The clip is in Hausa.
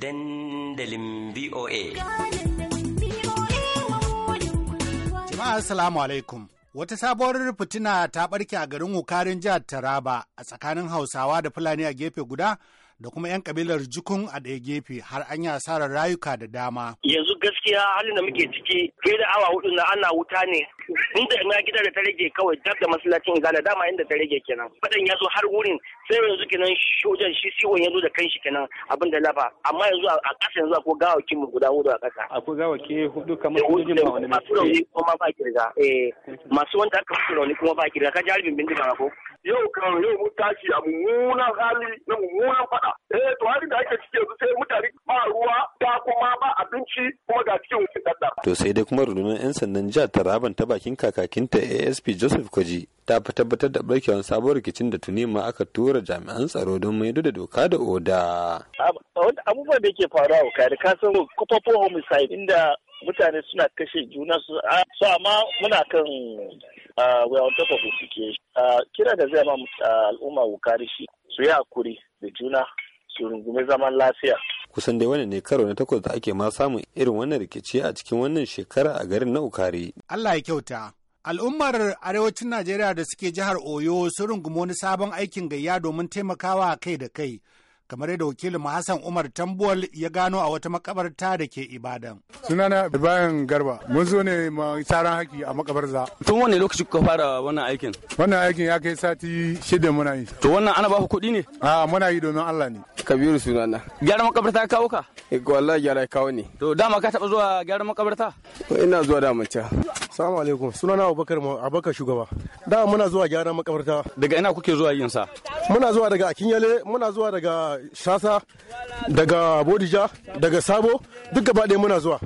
dandalin VOA. Jama'a Assalamu alaikum. Wata sabuwar fitina ta barke a garin Wukarin jihar Taraba a tsakanin Hausawa da Fulani a gefe guda da kuma 'yan kabilar jukun a ɗaya gefe har an yi asarar rayuka da dama. Yanzu gaskiya halin da muke ciki fiye da awa hudu na ana wuta ne da na gida da ta rage kawai dab da masallacin izala dama inda ta rage kenan fadan ya zo har wurin sai yanzu kenan shojan shi siwon ya zo da kanshi kenan abin da lafa amma yanzu a ƙasa yanzu akwai gawakin mu guda hudu a ƙasa akwai gawaki hudu kamar eh, sojojin ba wani masu rauni kuma ba kirga eh masu wanda aka fito rauni kuma ba kirga ka ji harbin bindiga ko yau kan yau mun tashi a mummunan hali na mummunan fada eh to hali da ake ciki yanzu sai mutane ba ruwa da kuma ba abinci kuma ga cikin to sai dai kuma rundunar 'yan sandan jihar taraban ta bakin kakakinta asp joseph kwaji ta fi tabbatar da barkewar sabon rikicin da tuni ma aka tura jami'an tsaro don maido da doka da oda abubuwan da ke faruwa kare kasan kufafo homicide inda mutane suna kashe juna su amma muna kan we on top of kira da zai ma al'umma wukari shi su yi hakuri da juna su rungume zaman lafiya kusan dai wannan ne karo na takwas da ake ma samun irin wannan rikici a cikin wannan shekara a garin na ukari Allah ya kyauta Al'ummar arewacin Najeriya da suke jihar Oyo sun rungumi wani sabon aikin gayya domin taimakawa kai da kai kamar yadda wakilin Hassan Umar Tambuwal ya gano a wata makabarta da ke Ibadan. Sunana Ibrahim Garba, mun zo ne ma tsaron haki a makabarza. Tun wanne lokaci kuka fara wannan aikin? Wannan aikin ya kai sati shida muna yi. To wannan ana ba ku kuɗi ne? A muna yi domin Allah ne. Kabiru sunana. Gyara makabarta ka kawo ka? Eh wallahi gyara kawo ne. To dama ka taɓa zuwa gyara makabarta? Ina zuwa da mace. Salamu alaikum. Sunana Abubakar mu Abubakar shugaba. Da muna zuwa gyaran makabarta. Daga ina kuke zuwa yin sa? Muna zuwa daga Akinyale, muna zuwa daga Shasa, daga Bodija, daga Sabo, duk gaba ɗaya muna zuwa.